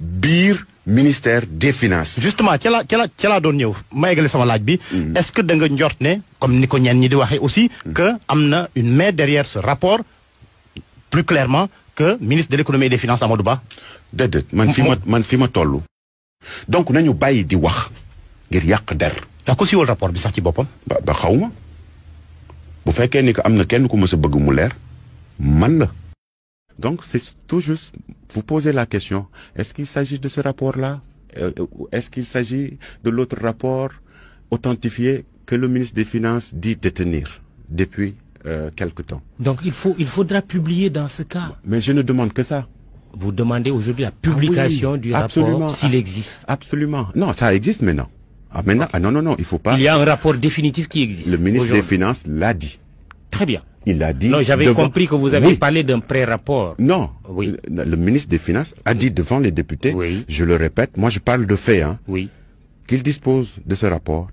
Bir ministère des finances. justement ca la ca la ca la doon au ma eggale sama laaj bi. Mm. est-ce que da nga njort comme niko ko ñi di aussi. Mm. que amna une main derrière ce rapport plus clairement que ministre de l'économie et des finances Amadou Ba. déedéet man fi ma man fi ma tollu donc nañu bayyi di wax ngir yàq der. da ko wol rapport bi sax ci bopam ba ba bu fekkee ni que amna kenn ku mësa bëgg mu lèr man la. donc c'est tout juste. Vous posez la question, est-ce qu'il s'agit de ce rapport-là ou euh, euh, Est-ce qu'il s'agit de l'autre rapport authentifié que le ministre des Finances dit détenir depuis euh, quelque temps Donc il, faut, il faudra publier dans ce cas. Mais je ne demande que ça vous demandez aujourd'hui la publication ah du rapport s'il existe. Absolument. Non, ça existe maintenant. Ah, maintenant, ah non, non, non, il faut pas. Il y a un rapport définitif qui existe. Le ministre des Finances l'a dit. Très bien. Il a dit. Non, j'avais compris que vous avez parlé d'un pré-rapport. Non. Oui. Le, ministre des Finances a dit devant les députés, oui. je le répète, moi je parle de fait, hein, oui. qu'il dispose de ce rapport